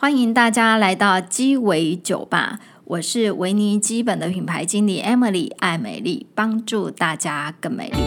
歡迎大家來到雞尾酒吧，我是薇霓肌本的品牌經理 Emily 愛美麗，幫助大家更美麗。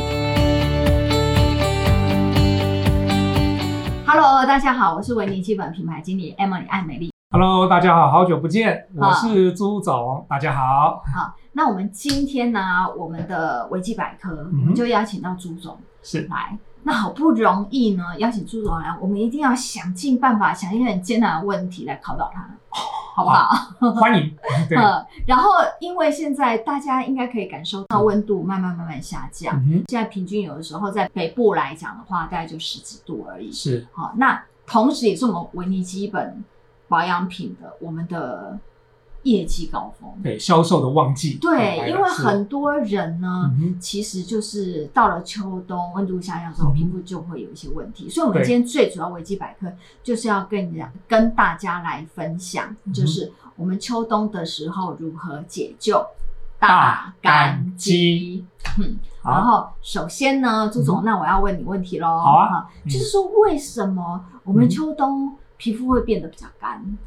Hello，大家好，我是薇霓肌本品牌經理 Emily 愛美麗。Hello，大家好，好久不見，我是朱總，oh. 大家好。好，那我們今天呢，我們的維基百科我們就邀請到朱總，mm hmm. 牌是來。那好不容易呢，邀請朱總來，我們一定要想盡辦法，想一些很艱難的問題來考倒他，好不好？啊、歡迎。呃、 嗯，然後因為現在大家應該可以感受到溫度慢慢慢慢下降，嗯、哼現在平均有的時候在北部來講的話，大概就十幾度而已。是，好、嗯。那同時也是我們薇霓肌本保養品的我們的。業績高峰，對，銷售的旺季，對，因為很多人呢，其實就是到了秋冬，溫度下降之後，皮膚就會有一些問題。所以，我們今天最主要薇霓肌本就是要跟你講、跟大家來分享，就是我們秋冬的時候如何解救大乾肌。嗯，然後首先呢，朱總，那我要問你問題嘍，好啊，就是說，為什麼我們秋冬皮膚會變得比較乾？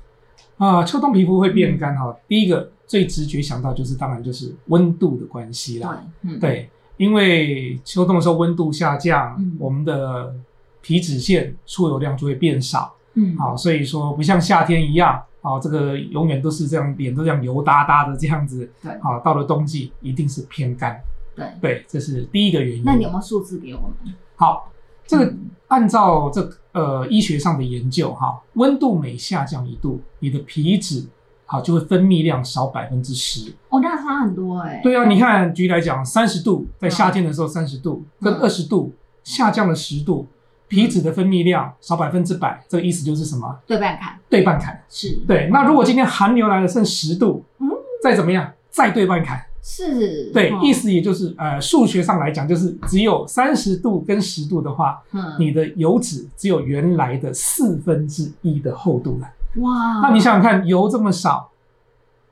啊、呃，秋冬皮膚會變乾哈、嗯，哦。第一個最直覺想到就是，當然就是溫度的關係啦。對，嗯、對，因為秋冬的時候溫度下降，嗯、我們的皮脂腺出油量就會變少。嗯，好、哦，所以說不像夏天一樣，啊、哦，這個永遠都是這樣，臉都這樣油噠噠的這樣子。對，好、哦，到了冬季一定是偏乾。對，對，這是第一個原因。那你有沒有數字給我們？好。這個按照這個嗯、呃醫學上的研究哈，溫度每下降一度，你的皮脂好、啊、就會分泌量少百分之十。哦，那差很多誒、欸、對啊，然你看舉例來講，三十度在夏天的時候三十度，哦、跟二十度、嗯、下降了十度，皮脂的分泌量少百分之百。這個意思就是什麼？對半砍。對半砍。是對。那如果今天寒流來了，剩十度，嗯，再怎麼樣？再對半砍。是，對，哦、意思也就是，呃，數學上來講，就是只有三十度跟十度的話，嗯、你的油脂只有原來的四分之一的厚度了。哇，那你想想看，油這麼少，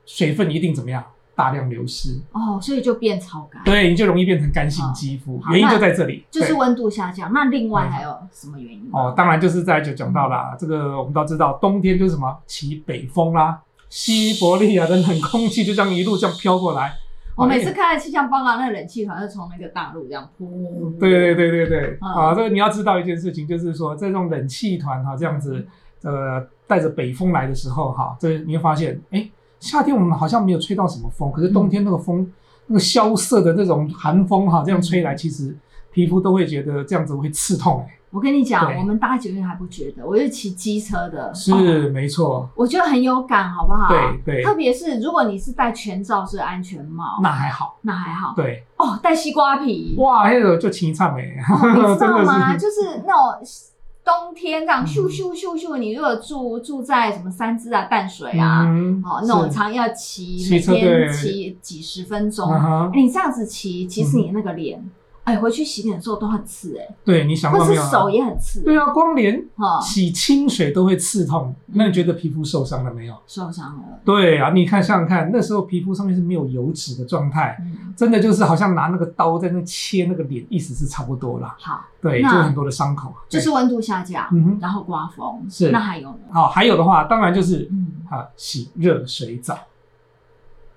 水分一定怎麼樣？大量流失。哦，所以就變超乾。對，你就容易變成乾性肌膚，哦、原因就在這裡。就是溫度下降，對那另外還有什麼原因、嗯？哦，當然就是在就講到了、嗯、這個，我們都知道，冬天就是什麼，起北風啦、啊，西伯利亞的冷空氣就這樣一路這樣飄過來。我每次看氣象報告，那冷氣團是從那個大陸這樣撲。對對對對對，哦、啊，這個你要知道一件事情，就是說在這種冷氣團哈這樣子，呃，帶着北風來的時候哈，這、啊、你會發現，哎、欸，夏天我們好像沒有吹到什麼風，可是冬天那個風，嗯、那個蕭瑟的這種寒風哈、啊、這樣吹來，嗯、其實皮膚都會覺得這樣子會刺痛、欸。我跟你講，我們搭捷運還不覺得，我就騎機車的，是沒錯，我覺得很有感，好不好？對對。特別是如果你是戴全罩式安全帽，那還好，那還好。對哦，戴西瓜皮，哇，那個就奇差沒，你知道嗎？就是那種冬天這樣咻咻咻咻，你如果住住在什麼汐止啊、淡水啊，哦，那種常要騎，每天騎幾十分鐘，你這樣子騎，其實你那個臉。哎，回去洗臉的時候都很刺哎，對，你想過沒有？或是手也很刺，對啊，光臉洗清水都會刺痛，那你覺得皮膚受傷了沒有？受傷了。對啊，你看想想看，那時候皮膚上面是沒有油脂的狀態，真的就是好像拿那個刀在那切那個臉，意思是差不多啦。好，對，就很多的傷口。就是溫度下降，然後刮風，是。那還有呢？好，還有的話，當然就是啊，洗熱水澡。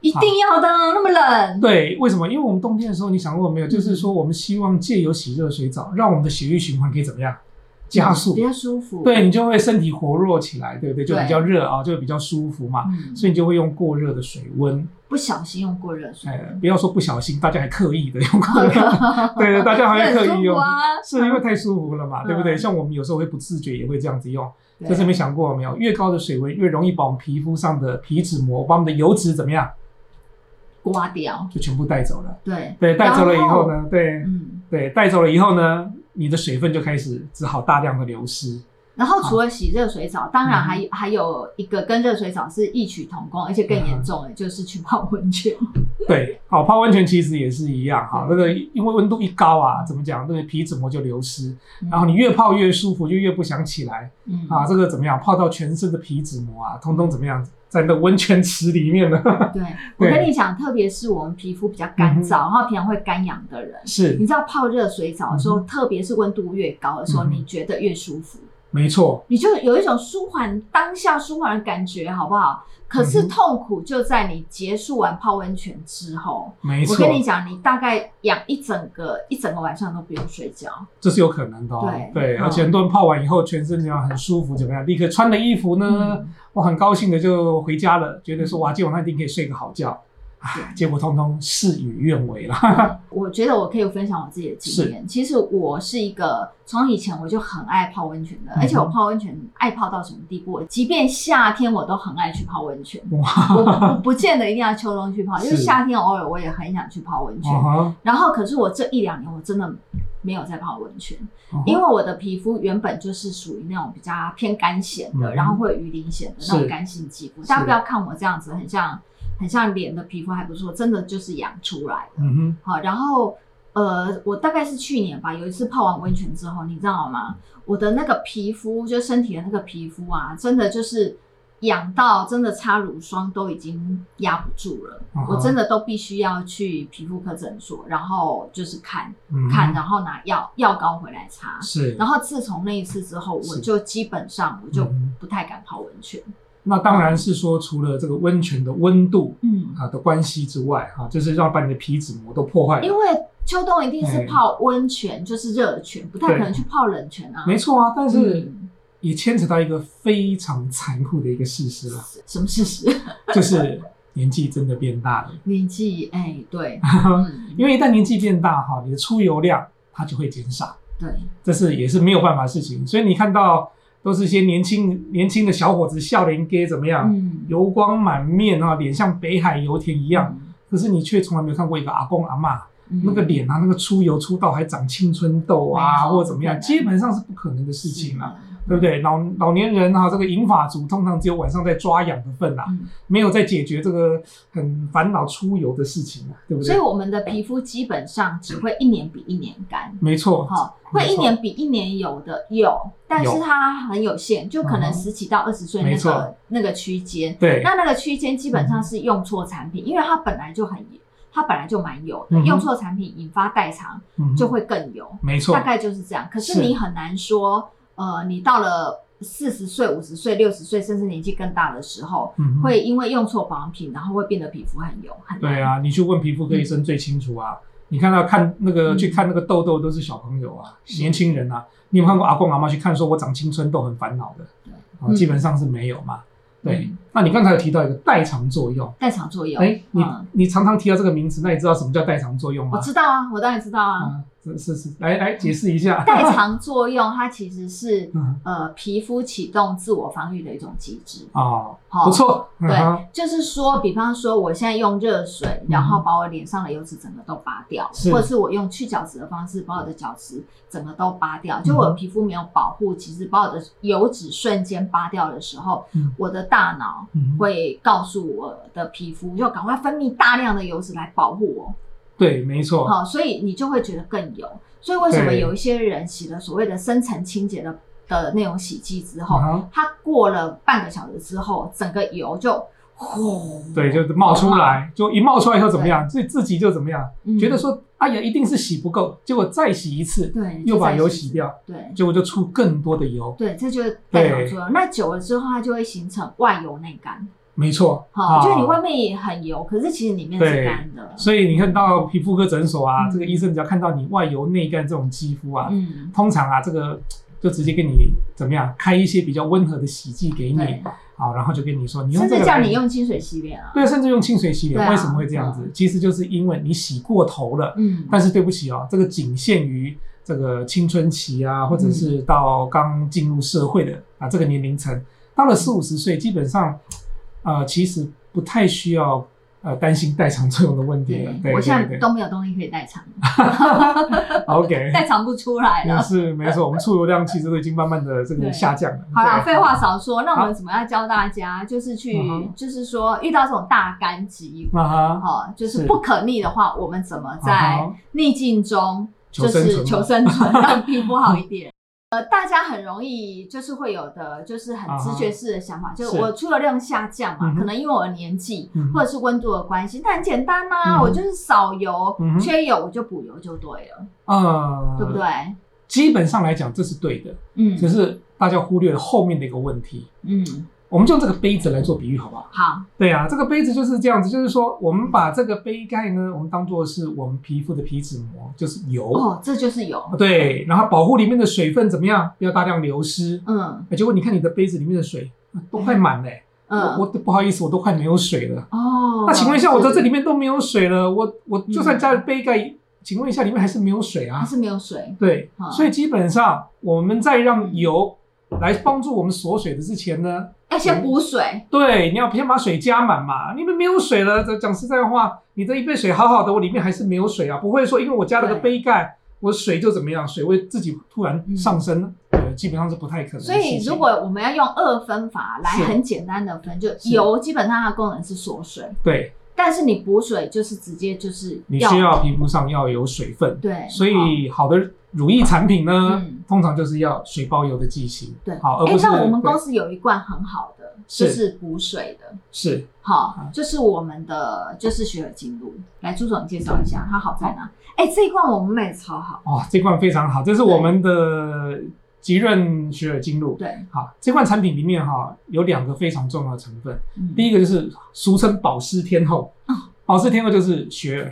一定要的，那麼冷。對，為什麼？因為我們冬天的時候，你想過沒有？就是說，我們希望藉由洗熱水澡，讓我們的血液循環可以怎麼樣加速？比較舒服。對，你就會身體活絡起來，對不對？就比較熱啊，就比較舒服嘛。所以你就會用過熱的水溫。不小心用過熱水。不要說不小心，大家還刻意的用過熱。對對，大家還刻意用。是因為太舒服了嘛，對不對？像我們有時候會不自覺也會這樣子用。但是沒想過沒有？越高的水溫越容易把我們皮膚上的皮脂膜把我們的油脂怎麼樣？刮掉，就全部帶走了，對對，帶走了以後呢，對，嗯，對，帶走了以後呢，你的水分就開始只好大量的流失。然後除了洗熱水澡，當然還還有一個跟熱水澡是異曲同工，而且更嚴重的就是去泡溫泉。對，哦，泡溫泉其實也是一樣哈，那個因為溫度一高啊，怎麼講，那個皮脂膜就流失，然後你越泡越舒服，就越不想起來，啊，這個怎麼樣？泡到全身的皮脂膜啊，通通怎麼樣？在那溫泉池裡面呢。對，我跟你講，對特別是我們皮膚比較乾燥，嗯、哼然後平常會乾癢的人，是你知道泡熱水澡的時候，嗯、哼特別是溫度越高的時候，嗯、哼你覺得越舒服。沒錯錯，你就有一種舒緩當下舒緩的感覺，好不好？可是痛苦就在你結束完泡溫泉之後，沒錯。我跟你講，你大概養一整個一整個晚上都不用睡覺，這是有可能的，哦。對對，對嗯、而且很多人泡完以後全身這樣很舒服，怎麼樣？立刻穿了衣服呢，嗯、我很高興的就回家了，覺得說、嗯、哇，今晚一定可以睡個好覺。結果通通事與願違了。我覺得我可以分享我自己的經驗。其實我是一個從以前我就很愛泡溫泉的，而且我泡溫泉愛泡到什麼地步？即便夏天我都很愛去泡溫泉，我我不見得一定要秋冬去泡，因為夏天偶爾我也很想去泡溫泉。然後，可是我這一兩年我真的沒有在泡溫泉，因為我的皮膚原本就是屬於那種比較偏乾癬的，然後會有魚鱗癬的那種乾性肌膚。大家不要看我這樣子，很像。很像臉的皮膚還不錯，真的就是癢出來的。好、嗯哼啊，然後呃，我大概是去年吧，有一次泡完溫泉之後，你知道嗎？嗯、我的那個皮膚，就身體的那個皮膚啊，真的就是癢到真的擦乳霜都已經壓不住了。哦、我真的都必須要去皮膚科診所，然後就是看看、嗯，然後拿藥藥膏回來擦。是，然後自從那一次之後，我就基本上我就是、嗯、不太敢泡溫泉。那當然是說，除了這個溫泉的溫度，嗯啊的關係之外，哈、嗯啊，就是要把你的皮脂膜都破壞了。因為秋冬一定是泡溫泉，欸、就是熱泉，不太可能去泡冷泉啊。沒錯啊，但是也牽扯到一個非常殘酷的一個事實了。什麼事實？就是年紀真的變大了。年紀，哎、欸，對。 因為一旦年紀變大，哈，你的出油量它就會減少。對，這是也是沒有辦法的事情。所以你看到。都是些年輕年輕的小伙子，笑臉哥怎麼樣？嗯、油光滿面啊，臉像北海油田一樣。嗯、可是你卻從來沒有看過一個阿公阿嬤，嗯、那個臉啊，那個出油出到還長青春痘啊，嗯、或者怎麼樣，基本上是不可能的事情了、啊。對不對？老老年人哈、啊，這個銀髮族通常只有晚上在抓癢的份啦、啊，嗯、沒有在解決這個很煩惱出油的事情啊，對不對？所以我們的皮膚基本上只會一年比一年乾，嗯、沒錯，哈、哦，會一年比一年油的，有，但是它很有限，就可能十幾到二十歲那個、嗯、那個區間，對，那那個區間基本上是用錯產品，嗯、因為它本來就很，它本來就蠻油，嗯、用錯的產品引發代償就會更油、嗯嗯，沒錯，大概就是這樣。可是你很難說。呃，你到了四十歲、五十歲、六十歲，甚至年紀更大的時候，會因為用錯保養品，然後會變得皮膚很油、很……對啊，你去問皮膚科醫生最清楚啊。你看到看那個去看那個痘痘都是小朋友啊，年輕人啊。你有看過阿公阿媽去看說我長青春痘很煩惱的？對，基本上是沒有嘛。對，那你剛才有提到一個代償作用，代償作用。誒，你你常常提到這個名詞，那你知道什麼叫代償作用嗎？我知道啊，我當然知道啊。是，是是，來來解釋一下，代償作用它其實是 呃皮膚啟動自我防禦的一種機制。哦，好，不錯，對，嗯、哼就是說，比方說我現在用熱水，然後把我臉上的油脂整個都拔掉，是或者是我用去角質的方式把我的角質整個都拔掉，就我皮膚沒有保護，嗯、其實把我的油脂瞬間拔掉的時候，嗯、我的大腦會告訴我的皮膚要趕快分泌大量的油脂來保護我。對，沒錯。好、哦，所以你就會覺得更油。所以為什麼有一些人洗了所謂的深層清潔的的那種洗劑之後，它對過了半個小時之後，整個油就轟，哦、對，就冒出來，哦、就一冒出來以後怎麼樣，對自己就怎麼樣，嗯、覺得說哎呀，一定是洗不夠，結果再洗一次，對，又把油洗掉，對，結果就出更多的油，對，這就代表說對那久了之後，它就會形成外油內乾。沒錯，我覺得你外面也很油，可是其實裡面是乾的。所以你看到皮膚科診所啊，這個醫生只要看到你外油內乾這種肌膚啊，通常啊，這個就直接跟你怎麼樣開一些比較溫和的洗劑給你，好，然後就跟你說，你用這個甚至叫你用清水洗臉啊，對，甚至用清水洗臉。為什麼會這樣子？其實就是因為你洗過頭了，嗯，但是對不起哦，這個僅限於這個青春期啊，或者是到剛進入社會的啊這個年齡層，到了四五十歲，基本上。呃，其實不太需要呃擔心代償作用的問題了。我現在都沒有東西可以代償好，OK，代償不出來了。那是沒錯，我們出油量其實都已經慢慢的這個下降了。好啦廢話少說，那我們怎麼樣教大家，就是去，就是說遇到這種大乾急啊，哈，就是不可逆的話，我們怎麼在逆境中就是求生存，讓皮膚好一點？呃、大家很容易就是會有的，就是很直覺式的想法，啊、就是我出油量下降嘛，啊，嗯、可能因為我的年紀或者是溫度的關係，嗯、哼但很簡單吶，啊，嗯、哼我就是少油、嗯、哼缺油，我就補油就對了，嗯、呃，對不對？基本上來講，這是對的，嗯，可是大家忽略了後面的一個問題，嗯。嗯我們就用這個杯子來做比喻，好不好？好。對啊，這個杯子就是這樣子，就是說，我們把這個杯蓋呢，我們當做是我們皮膚的皮脂膜，就是油。哦，這就是油。對，然後保護裡面的水分怎麼樣，不要大量流失。嗯。結果你看你的杯子裡面的水都快滿了、欸。嗯。我，我，不好意思，我都快沒有水了。哦。那請問一下，是我在這裡面都沒有水了，我我就算加了杯蓋，嗯、請問一下，裡面還是沒有水啊？還是沒有水。對。嗯、所以基本上，我們再讓油。來幫助我們鎖水的之前呢，要先補水。對，你要先把水加滿嘛。你們沒有水了？講實在話，你這一杯水好好的，我裡面還是沒有水啊。不會說，因為我加了個杯蓋，對我水就怎麼樣，水位自己突然上升了。對，基本上是不太可能。所以，如果我們要用二分法來很簡單的分，是就油基本上它的功能是鎖水。對。但是你補水就是直接就是你需要皮膚上要有水分。對。所以，好的乳液產品呢，嗯通常就是要水包油的劑型，對，好。哎，像我們公司有一罐很好的，就是補水的，是，好，就是我們的就是雪耳精露。來，朱總，你介紹一下它好在哪？哎，這一罐我們賣的超好哦，這一罐非常好，這是我們的吉潤雪耳精露。對，好，這款產品裡面哈有兩個非常重要的成分，第一個就是俗稱保濕天後，保濕天後就是雪耳，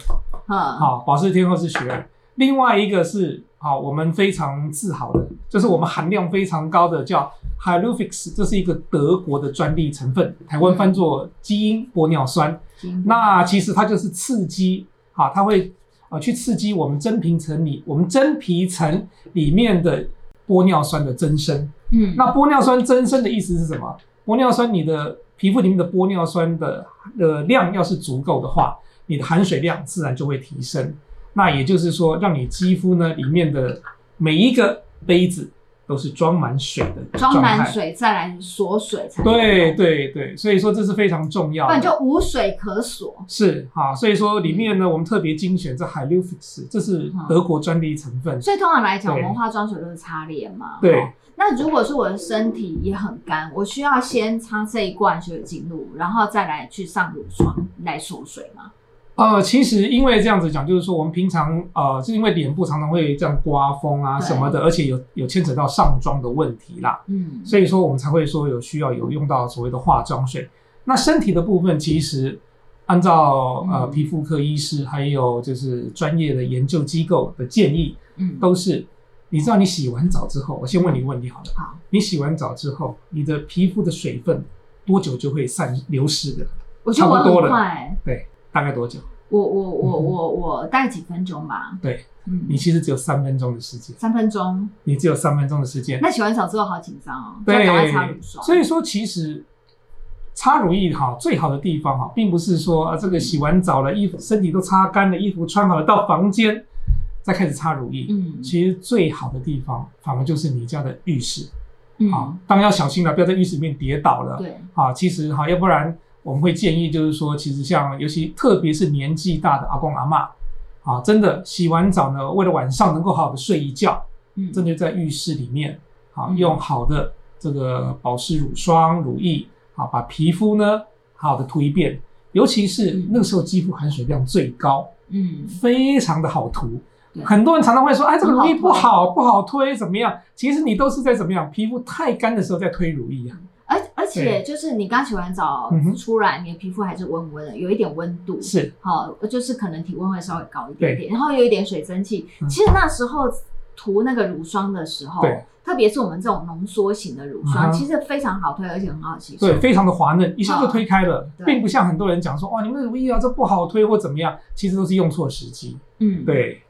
嗯，好，保濕天后是雪耳。另外一個是，啊，我們非常自豪的，就是我們含量非常高的，叫 Hyalufix，這是一個德國的專利成分，台灣翻做基因玻尿酸。嗯、那其實它就是刺激，啊，它會啊、呃、去刺激我們真皮層裡，我們真皮層裡面的玻尿酸的增生。嗯，那玻尿酸增生的意思是什麼？玻尿酸，你的皮膚裡面的玻尿酸的、的、呃、量要是足夠的話，你的含水量自然就會提升。那也就是說，讓你肌膚呢，裡面的每一個杯子都是裝滿水的，裝滿水再來鎖水才對，對，對。對對，所以說這是非常重要，不然就無水可鎖。是哈、啊，所以說裡面呢，我們特別精選這海露浮斯，這是德國專利成分。嗯。所以通常來講，我們化妝水都是擦臉嘛。對。對那如果是我的身體也很乾，我需要先擦這一罐水晶露，然後再來去上乳霜來鎖水嘛。呃，其實因為這樣子講，就是說我們平常呃，是因為臉部常常會這樣刮風啊什麼的，對而且有有牽扯到上妝的問題啦，嗯，所以說我們才會說有需要有用到所謂的化妝水。嗯、那身體的部分，其實按照呃皮膚科醫師還有就是專業的研究機構的建議，嗯，都是你知道你洗完澡之後，我先問你一個問題，好了，好、啊，你洗完澡之後，你的皮膚的水分多久就會散流失的？我覺得我很快，欸、差不多了。對。大概多久？我我我我我大概幾分鐘吧。對，你其實只有三分鐘的時間。三分鐘，你只有三分鐘的時間。那洗完澡之後好緊張哦，對，要趕快擦乳霜。所以說，其實擦乳液哈，最好的地方哈，並不是說啊，這個洗完澡了，衣服身體都擦乾了，衣服穿好了，到房間再開始擦乳液。嗯，其實最好的地方反而就是你家的浴室。好，當然要小心了，不要在浴室裡面跌倒了。對，啊，其實哈，要不然。我們會建議，就是說，其實像尤其特別是年紀大的阿公阿嬤，啊，真的洗完澡呢，為了晚上能夠好好的睡一覺，嗯，正就在浴室裡面，好、嗯、用好的這個保濕乳霜、嗯、乳液，好把皮膚呢好好的塗一遍，尤其是那個時候肌膚含水量最高，嗯，非常的好塗。對很多人常常會說，哎對、啊，這個乳液不好，不好推，怎麼樣？其實你都是在怎麼樣？皮膚太乾的時候再推乳液、啊而且就是你剛洗完澡出來，你的皮膚還是溫溫的，有一點溫度是，好，就是可能體溫會稍微高一點點，然後有一點水蒸氣。其實那時候塗那個乳霜的時候，對，特別是我們這種濃縮型的乳霜，其實非常好推，而且很好吸收，對，非常的滑嫩，一下就推開了，並不像很多人講說哇，你們的乳液啊，這不好推或怎麼樣，其實都是用錯時機，嗯，對。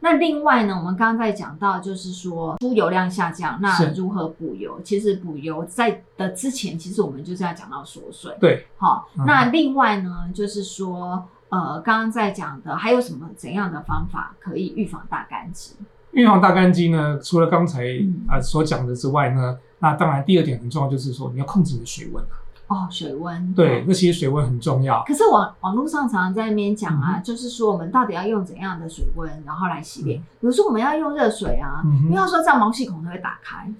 那另外呢，我們剛剛在講到，就是說出油量下降，那如何補油？是其實補油在的之前，其實我們就是要講到鎖水。對，好齁。嗯、那另外呢，就是說，呃，剛剛在講的還有什麼怎樣的方法可以預防大乾肌？預防大乾肌呢，除了剛才啊、呃、所講的之外呢，嗯、那當然第二點很重要，就是說你要控制你的水溫。哦，水溫，對，那其實水溫很重要。可是網網絡上常常在那邊講啊，就是說我們到底要用怎樣的水溫，然後來洗臉。比如說我們要用熱水啊，因為要說這樣毛細孔它會打開。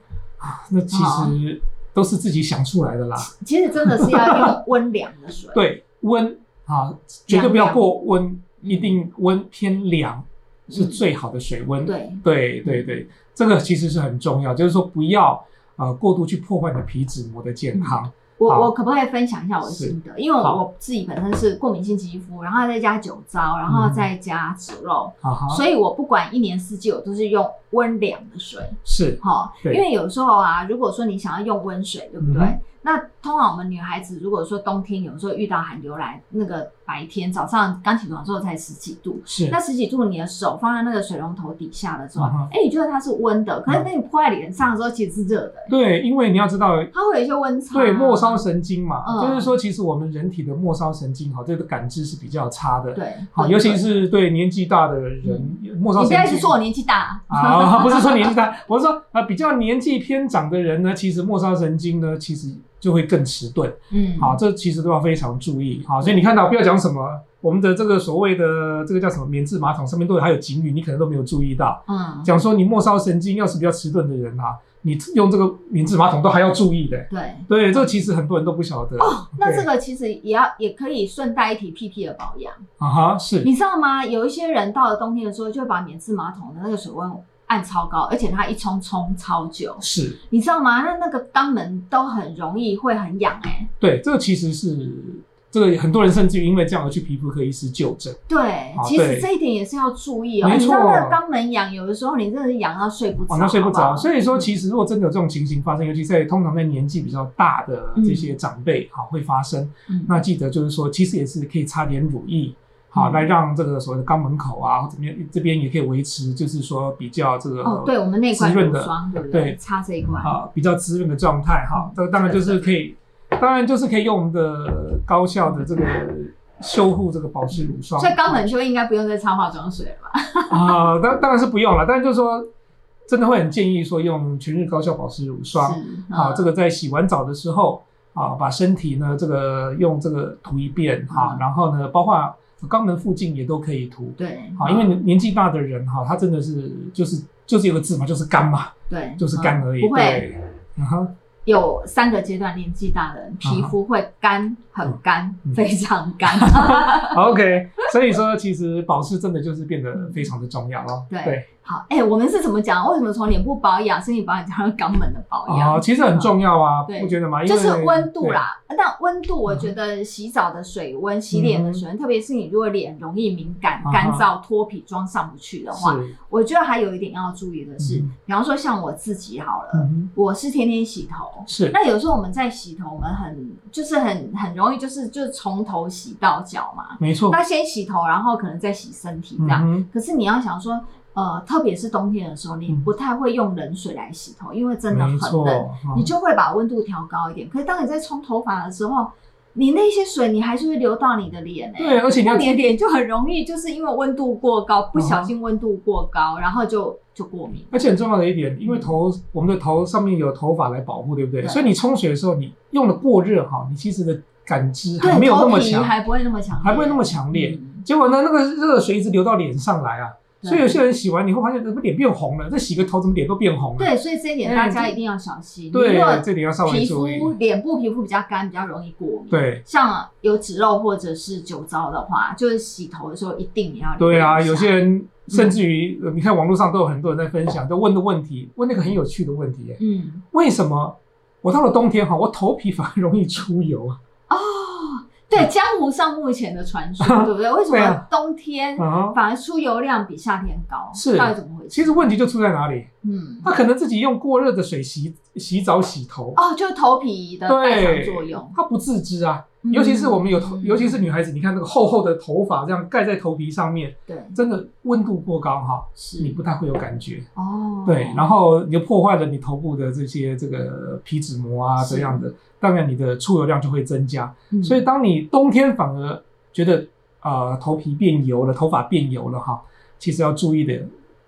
那其實都是自己想出來的啦。其實真的是要用溫涼的水。對，溫啊，絕對不要過溫，一定溫偏涼是最好的水溫。對，對，對，對，這個其實是很重要，就是說不要呃過度去破壞你的皮脂膜的健康。我好我可不可以分享一下我的心得？因為我自己本身是過敏性肌膚，然後再加酒糟，然後再加紫肉，嗯、好好所以我不管一年四季，我都是用溫涼的水。是哈，齁對因為有時候啊，如果說你想要用溫水，對不對？嗯、那通常我們女孩子，如果說冬天有時候遇到寒流來，那個。白天早上剛起床之後才十幾度，是那十幾度，你的手放在那個水龍頭底下的時候，哎、嗯哼，你覺得它是溫的，可是當你潑在臉上的時候，其實是熱的、欸嗯。對，因為你要知道，它會有一些溫差。對，末梢神經嘛，嗯、就是說，其實我們人體的末梢神經哈，這個感知是比較差的，對、嗯嗯，尤其是對年紀大的人，嗯、末梢神經。你現在是說我年紀大啊？哦、 不是說年紀大，我是說啊、呃，比較年紀偏長的人呢，其實末梢神經呢，其實。就會更遲鈍，嗯，好、啊，這其實都要非常注意，好、啊，所以你看到不要講什麼，嗯、我們的這個所謂的這個叫什麼免治馬桶上面都有還有警語，你可能都沒有注意到，嗯，講說你末梢神經要是比較遲鈍的人啊，你用這個免治馬桶都還要注意的，欸，對對，這其實很多人都不曉得哦，okay 那這個其實也要也可以順帶一提屁屁的保養，啊哈、uh，huh, 是，你知道嗎？有一些人到了冬天的時候，就會把免治馬桶的那個水溫按超高，而且它一沖沖超久，是，你知道嗎？那那個肛門都很容易會很癢、欸，哎，對，這個其實是這個很多人甚至於因為這樣而去皮膚科醫師就診，對，好其實這一點也是要注意哦、喔。啊、你知道那個肛門癢，有的時候你真的是癢到睡不着，睡不着。所以說，其實如果真的有這種情形發生，尤其是在通常在年紀比較大的這些長輩啊、嗯哦、會發生，嗯、那記得就是說，其實也是可以擦點乳液。好，來讓這個所謂的肛門口啊，或者面這邊也可以維持，就是說比較這個滋潤的哦，對我們那一款乳霜，對不對？對擦這一塊啊、嗯，比較滋潤的狀態哈。這、嗯、當然就是可以，嗯、當然就是可以用我們的高效的這個修護這個保濕乳霜。嗯、所以肛門就應該不用再擦化妝水了吧？啊、 嗯，當然當然是不用了，但是就是說，真的會很建議說用全日高效保濕乳霜啊、嗯。這個在洗完澡的時候啊，把身體呢這個用這個塗一遍哈，然後呢，包括。肛門附近也都可以塗，對，好，因為年紀大的人哈，他真的是就是就是有個字嘛，就是乾嘛，對，就是乾而已，不會 對，有三個階段，年紀大的人皮膚會乾，很乾，非常乾。嗯、 OK。所以說，其實保濕真的就是變得非常的重要哦。對，好，哎，我們是怎麼講？為什麼從臉部保養、身體保養，加上肛門的保養其實很重要啊，不覺得嗎？就是溫度啦，那溫度，我覺得洗澡的水溫、洗臉的水溫，特別是你如果臉容易敏感、乾燥、脫皮、妝上不去的話，我覺得還有一點要注意的是，比方說像我自己好了，我是天天洗頭，是。那有時候我們在洗頭，我們很就是很很容易就是就是從頭洗到腳嘛。沒錯。那先洗。頭，然後可能在洗身體這樣。嗯、哼可是你要想說，呃，特別是冬天的時候，你不太會用冷水來洗頭，嗯、因為真的很冷，錯你就會把溫度調高一點。嗯、可是當你在沖頭髮的時候，你那些水你還是會流到你的臉，欸，對，而且你，要你的臉就很容易就是因為溫度過高，不小心溫度過高，嗯、然後就就過敏。而且很重要的一點，因為頭我們的頭上面有頭髮來保護，對不對？對，所以你沖水的時候，你用的過熱哈，你其實的感知還沒有那麼強，還不會那麼強，還不會那麼強烈。結果呢，那個熱水一直流到臉上來啊，對所以有些人洗完你會發現怎麼臉變紅了？這洗個頭怎麼臉都變紅了？對，所以這一點大家、嗯、一定要小心。對，這點要稍微注意。臉部皮膚比較乾，比較容易過敏。對，像有脂漏或者是酒糟的話，就是洗頭的時候一定要。對啊，有些人甚至於，你看網絡上都有很多人在分享，都、嗯、問的問題，問那個很有趣的問題、欸，嗯，為什麼我到了冬天哈、啊，我頭皮反而容易出油啊？哦對，江湖上目前的傳說，嗯、對不對？為什麼冬天反而出油量比夏天高？是、嗯，到底怎麼回事？其實問題就出在哪裡？嗯，他可能自己用過熱的水洗洗澡、洗頭哦，就是頭皮的代謝作用，對，他不自知啊。尤其是我們有頭，尤其是女孩子，你看那個厚厚的頭髮這樣蓋在頭皮上面，對，真的溫度過高哈，是你不太會有感覺哦。對，然後你就破壞了你頭部的這些這個皮脂膜啊，這樣的，是當然你的出油量就會增加。是所以當你冬天反而覺得啊、呃、頭皮變油了，頭髮變油了哈，其實要注意的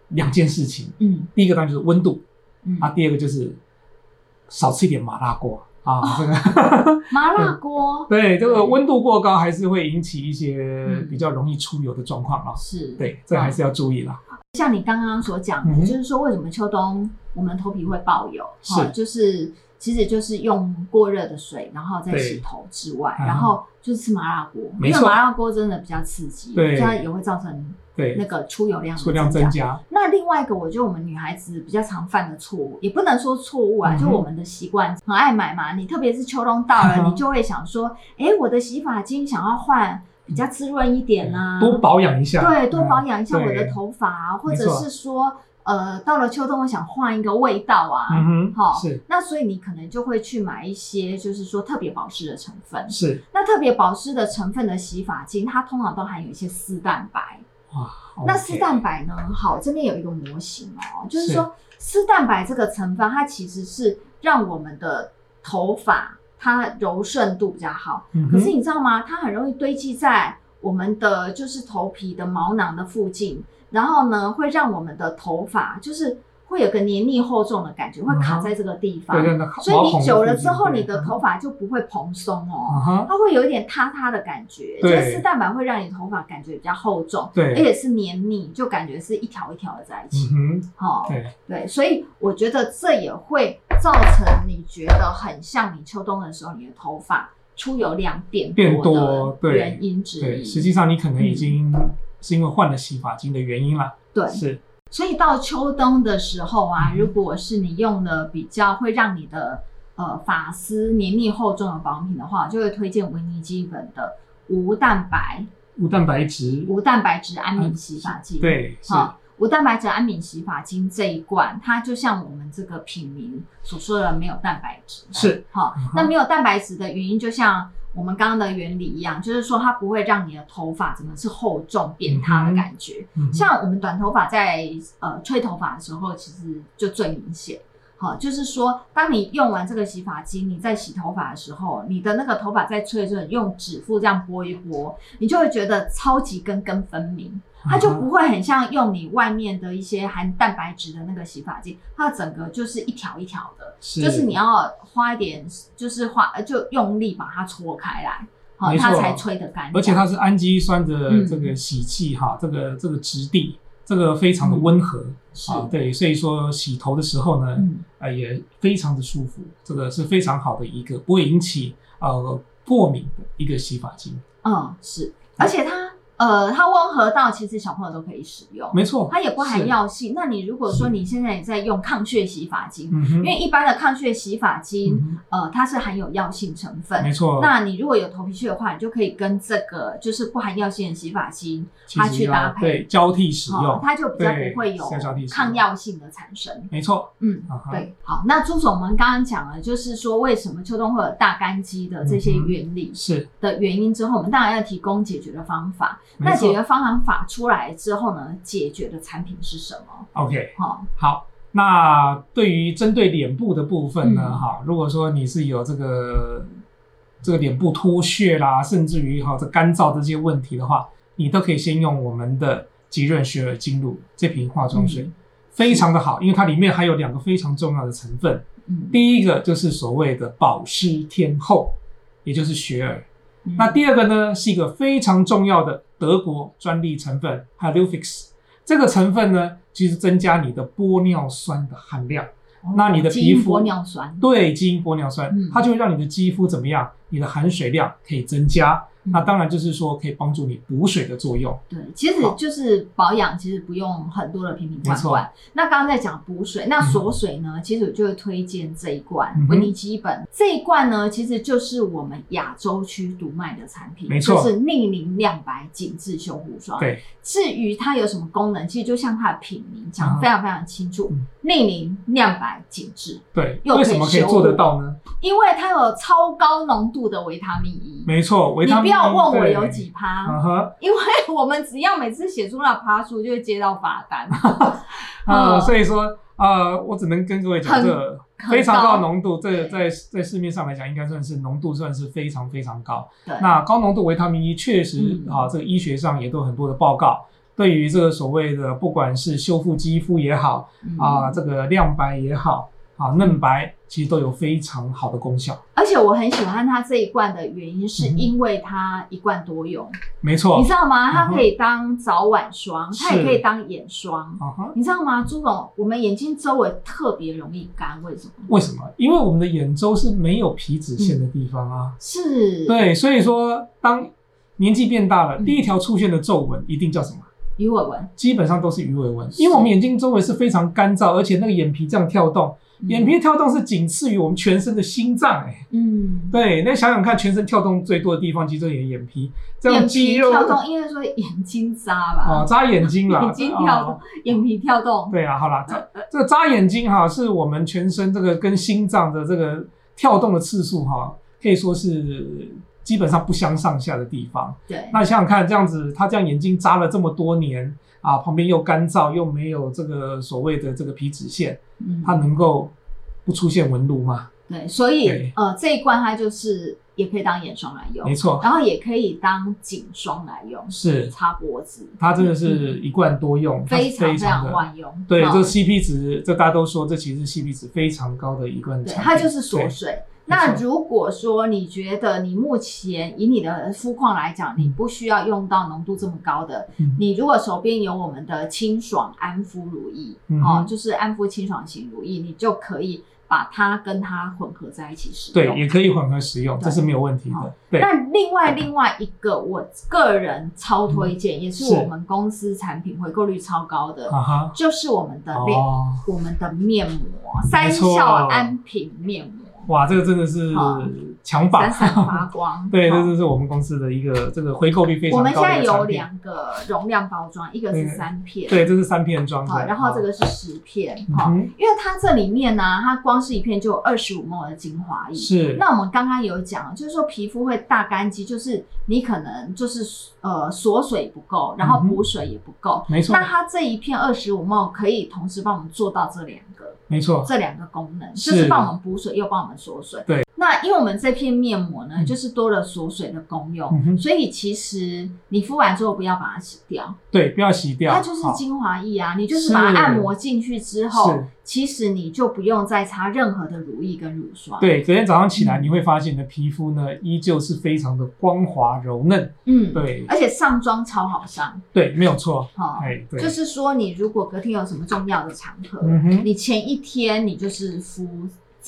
兩件事情，嗯，第一個呢就是溫度，嗯、啊，第二個就是少吃一點麻辣鍋。啊、哦，這個、哦、麻辣鍋，對，這個溫度過高還是會引起一些比較容易出油的狀況啊。是、嗯、對，這個、還是要注意了。嗯、像你剛剛所講的，嗯、就是說為什麼秋冬我們頭皮會爆油？是、哦，就是其實就是用過熱的水，然後再洗頭之外，對然後就是吃麻辣鍋，嗯、因為麻辣鍋真的比較刺激，對它也會造成。對，那個出油量增加，那另外一個，我覺得我們女孩子比較常犯的錯誤，也不能說錯誤啊，就我們的習慣很愛買嘛。你特別是秋冬到了，你就會想說，哎，我的洗髮精想要換比較滋潤一點吶，多保養一下，對，多保養一下我的頭髮，或者是說，呃，到了秋冬，我想換一個味道啊，嗯哼，好，是。那所以你可能就會去買一些，就是說特別保濕的成分。是。那特別保濕的成分的洗髮精，它通常都含有一些絲蛋白。哇，那絲蛋白呢？Okay. 好，這邊有一個模型喔，是。就是說絲蛋白這個成分，它其實是讓我們的頭髮它柔順度比較好。嗯哼。可是你知道嗎？它很容易堆積在我們的就是頭皮的毛囊的附近，然後呢，會讓我們的頭髮就是。會有個黏膩厚重的感覺，嗯、哼會卡在這個地方，對所以你久了之後，你的頭髮就不會蓬鬆哦，嗯、哼它會有一點塌塌的感覺。對、嗯哼，就絲蛋白會讓你頭髮感覺比較厚重，對，而且是黏膩，就感覺是一條一條的在一起。嗯好，對，所以我覺得這也會造成你覺得很像你秋冬的時候，你的頭髮出油量變變多的原因之一。實際上，你可能已經是因為換了洗髮精的原因了。嗯、對，是。所以到秋冬的時候啊，如果是你用的比較會讓你的呃髮絲黏膩厚重的保養品的話，就會推薦薇霓肌本的無蛋白、無蛋白質、無蛋白質安敏洗髮精、啊。對，好、哦，是無蛋白質安敏洗髮精這一罐，它就像我們這個品名所說的沒有蛋白質。是，哦嗯、哼那沒有蛋白質的原因就像。我們剛剛的原理一樣，就是說它不會讓你的頭髮真的是厚重扁塌的感覺。嗯嗯、像我們短頭髮在呃吹頭髮的時候，其實就最明顯。好、啊，就是說當你用完這個洗髮精，你在洗頭髮的時候，你的那個頭髮在吹的時候，用指腹這樣撥一撥，你就會覺得超級根根分明。它就不會很像用你外面的一些含蛋白質的那個洗髮劑，它整個就是一條一條的，是，就是你要花一點，就是花就用力把它搓開來，好錯它才吹得乾淨。而且它是氨基酸的這個洗劑哈、嗯啊，這個這個質地這個非常的溫和、嗯、是、啊。對，所以說洗頭的時候呢、嗯、啊也非常的舒服，這個是非常好的一個不會引起呃過敏的一個洗髮精。嗯，是、嗯、而且它。呃，它溫和到其實小朋友都可以使用，沒錯，它也不含藥性。那你如果說你現在也在用抗屑洗髮精，因為一般的抗屑洗髮精，呃，它是含有藥性成分，沒錯。那你如果有頭皮屑的話，你就可以跟這個就是不含藥性的洗髮精它去搭配交替使用，它就比較不會有抗藥性的產生，沒錯，嗯，對。好，那朱總，我們剛剛講了，就是說為什麼秋冬會有大乾肌的這些原理是的原因之後，我們當然要提供解決的方法。那解決方案法出來之後呢？解決的產品是什麼？OK，好、哦，好。那對於針對臉部的部分呢？哈、嗯，如果說你是有這個、嗯、這個臉部脫屑啦，甚至於哈這乾燥這些問題的話，你都可以先用我們的極潤雪耳精露這瓶化妝水，嗯、非常的好，因為它裡面還有兩個非常重要的成分。嗯、第一個就是所謂的保濕天後，也就是雪耳、嗯、那第二個呢，是一個非常重要的。德國專利成分 Hyalufix 這個成分呢，其實增加你的玻尿酸的含量，哦、那你的皮膚玻尿酸對，基因玻尿酸，嗯、它就會讓你的肌膚怎麼樣？你的含水量可以增加。嗯、那當然就是說可以幫助你補水的作用。對，其實就是保養，其實不用很多的瓶瓶罐罐。錯那剛剛在講補水，那鎖水呢？嗯、其實我就會推薦這一罐薇、嗯、哼霓肌本。這一罐呢，其實就是我們亞洲區獨賣的產品，沒錯錯，就是逆齡亮白緊致修護霜。對，至於它有什麼功能，其實就像它的品名講的非常非常清楚，嗯、逆齡亮白緊致。對，又對為什麼可以做得到呢？因為它有超高濃度的維他命 E。沒錯，維他命 E，你不要問我有幾趴，因為我們只要每次寫出那趴數，就會接到罰單。所以說，呃，我只能跟各位講這非常高的濃度，在在在市面上來講，應該算是濃度算是非常非常高。那高濃度維他命 E 確實啊，這個醫學上也都有很多的報告，對於這個所謂的不管是修復肌膚也好啊，這個亮白也好，啊嫩白。其實都有非常好的功效，而且我很喜歡它這一罐的原因，是因為它一罐多用。沒錯、嗯哼，你知道嗎？它可以當早晚霜，它、嗯、哼也可以當眼霜。是你知道嗎，朱總？我們眼睛周圍特別容易乾，為什麼？為什麼？因為我們的眼周是沒有皮脂腺的地方啊。嗯、是。對，所以說當年紀變大了，嗯、第一條出現的皺紋一定叫什麼？魚尾紋。基本上都是魚尾紋，是因為我們眼睛周圍是非常乾燥，而且那個眼皮這樣跳動。嗯、眼皮跳動是僅次於我們全身的心臟哎、欸，嗯，對，那想想看，全身跳動最多的地方其實也是眼皮，這樣肌肉跳動，因為說眼睛眨吧，哦，眨眼睛了，眼睛跳動，哦、眼皮跳動，對啊，好啦。這這個眨眼睛哈、啊，是我們全身這個跟心臟的這個跳動的次數哈、啊，可以說是基本上不相上下的地方。對，那想想看，這樣子，他這樣眼睛眨了這麼多年。啊，旁邊又乾燥又沒有這個所謂的這個皮脂腺，嗯、它能夠不出現紋路嗎？對，所以對呃，這一罐它就是也可以當眼霜來用，沒錯錯，然後也可以當頸霜來用，是擦脖子，它真的是一罐多用，非常非常萬用。對，這 CP 值，這大家都說，這其實是 CP 值非常高的一罐產品，它就是鎖水。那如果說你覺得你目前以你的膚況來講，你不需要用到濃度這麼高的，你如果手邊有我們的清爽安膚乳液，哦，就是安膚清爽型乳液，你就可以把它跟它混合在一起使用，對，也可以混合使用，這是沒有問題的。對。那另外另外一個，我個人超推薦，也是我們公司產品回購率超高的，就是我們的面我們的面膜，三效安瓶面膜。哇，這個真的是。嗯閃閃發光，對，這是是我們公司的一個這個回購率非常高的產品。我們現在有兩個容量包裝，一個是三片，對，這是三片裝的，然後這個是十片，因為它這裡面呢，它光是一片就有 25ml 的精華液。是。那我們剛剛有講，就是說皮膚會大乾肌，就是你可能就是呃鎖水不夠，然後補水也不夠，沒錯。那它這一片 25ml 可以同時幫我們做到這兩個，沒錯，這兩個功能，就是幫我們補水又幫我們鎖水。對。那因為我們這片面膜呢，就是多了鎖水的功用，所以其實你敷完之後不要把它洗掉，對，不要洗掉，它就是精華液啊，你就是把它按摩進去之後，其實你就不用再擦任何的乳液跟乳霜。對，昨天早上起來你會發現你的皮膚呢，依舊是非常的光滑柔嫩，嗯，對，而且上妝超好上，對，沒有錯，哈，哎，對，就是說你如果隔天有什麼重要的場合，你前一天你就是敷。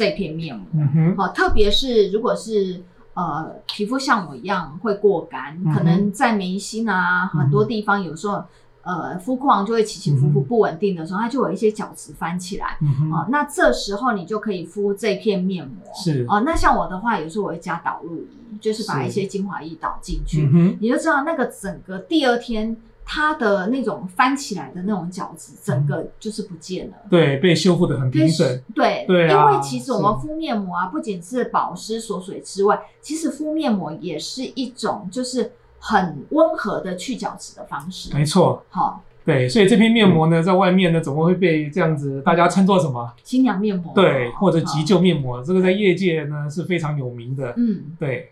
這片面膜，嗯哼哦，特別是如果是呃，皮膚像我一樣會過乾，嗯、哼可能在眉心啊、嗯、哼很多地方，有時候呃，膚況就會起起伏伏，不穩定的時候，候、嗯、哼它就有一些角質翻起來，嗯哼哦，那這時候你就可以敷這片面膜，是，哦，那像我的話，有時候我會加導入儀，就是把一些精華液導進去，是你就知道那個整個第二天。它的那種翻起來的那種角質，整個就是不見了。對，被修復的很平順。對對，因為其實我們敷面膜啊，不僅是保濕鎖水之外，其實敷面膜也是一種就是很溫和的去角質的方式。沒錯，好對，所以這片面膜呢，在外面呢，總會被這樣子大家稱作什麼？新娘面膜。對，或者急救面膜，這個在業界呢是非常有名的。嗯，對。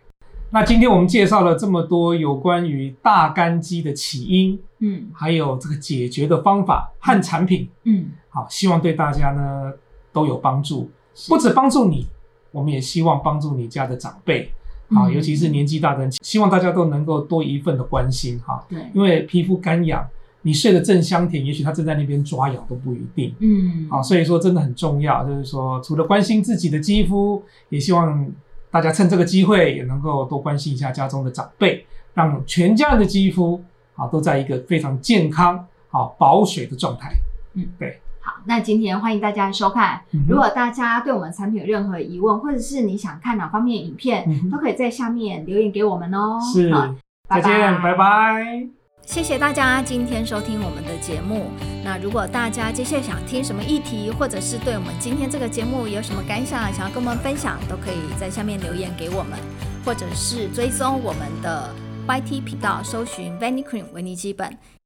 那今天我們介紹了這麼多有關於大乾肌的起因，嗯，還有這個解決的方法和產品，嗯，好，希望對大家呢都有幫助，是不止幫助你，我們也希望幫助你家的長輩，好，嗯、尤其是年紀大的人，希望大家都能夠多一份的關心哈，好，對，因為皮膚乾癢，你睡得正香甜，也許他正在那邊抓癢都不一定，嗯，好，所以說真的很重要，就是說除了關心自己的肌膚，也希望。大家趁這個機會也能夠多關心一下家中的長輩，讓全家人的肌膚啊都在一個非常健康啊保水的狀態。嗯，對。好，那今天歡迎大家收看。嗯、哼如果大家對我們產品有任何疑問，或者是你想看哪方面的影片，嗯、哼都可以在下面留言給我們哦、喔。是，好拜拜再見，拜拜。謝謝大家今天收聽我們的節目。那如果大家接下來想聽什麼議題，或者是對我們今天這個節目有什麼感想，想要跟我們分享，都可以在下面留言給我們，或者是追蹤我們的 YT 頻道，搜尋 Vanicream 薇霓肌本。